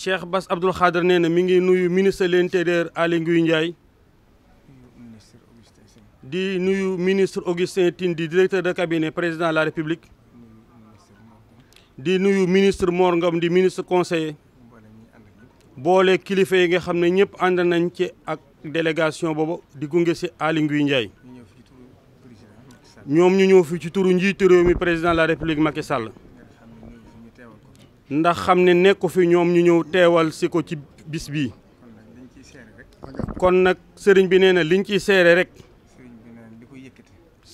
Cheikh Bass Abdoul Khadre nee mi ngi nuyu ministre de l'intérieur Aly Ngouille Ndiaye di nuyu ministre Augustin Tine di directeur de cabinet président la République di nuyu ministre Mor di ministre conseil boole kilifa yi nga xam ne ñëpp ànd nañ ci ak délégation boobu di gunge si Aly Ngouille Ndiaye ñoom ñu ñëw fi ci turu njiit réew mi président de la République Macky Sall. ndax xam ne nekku fi ñoom ñu ñëw teewal si ko ci bis bi kon nag sëriñ bi nee na liñ ciy seere rek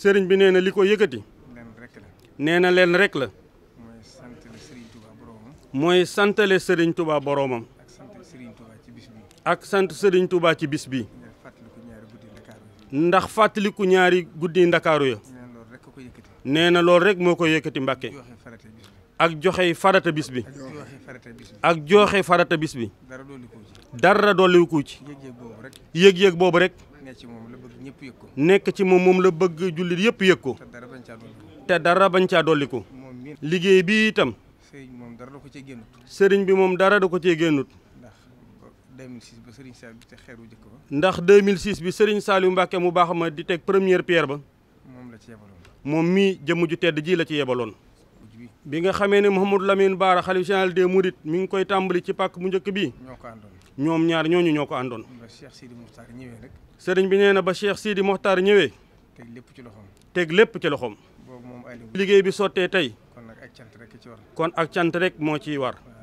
sëriñ bi nee na li ko yëkkati nee na leen rek la mooy santale sëriñ Touba boroomam ak sant sëriñ Touba ci bis bi ndax fàttaliku ñaari guddi ndakaaru ya nee na loolu moo ko yëkkati Mbàkke ak joxe farata bis bi. ak joxe farata bis bi. dara dolli ko ci. dara dolli ko yëg-yëg boobu rek. nekk ci moom la ñëpp yëg ko. nekk ci moom moom la bëgg jullit yëpp yëg ko. te dara bañ caa dolli ko. liggéey bi itam. sëriñ moom dara da ko cee génnut. sëriñ bi moom dara da ko cee génnut. ndax 2006 ba sëriñ Saliou di teg xeeru njëkk ba. ndax 2006 bi sëriñ Saliou Mbacke mu baax ma di teg première pierre ba. moom la ci yebaloon. moom mii jëmm ju tedd ji la ci yebaloon. bi nga xamee ne Mouhamadou Lamine Bara xalif général des Mourides mi ngi koy tàmbali ci pàkk bu njëkk bi ñoo ko àndoon ñoom ñaar ñooñu ñoo ko àndoon ba Cheikh Sidi Mokhtar ñëwee rek sëriñ bi nee na ba Cheikh Sidi Mokhtar ñëwee teg lépp ci loxoom teg lépp ci loxoom liggéey bi sottee tey kon ak cant rek moo ciy war